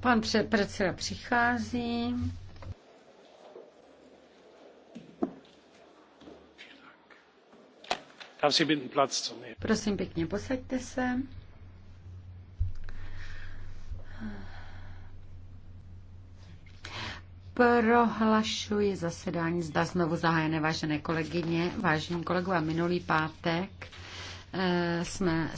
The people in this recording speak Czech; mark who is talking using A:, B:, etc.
A: Pan předseda přichází.
B: Prosím
C: pěkně, posaďte se.
D: Prohlašuji zasedání zda znovu zahájené, vážené kolegyně, vážení kolegové. Minulý pátek eh, jsme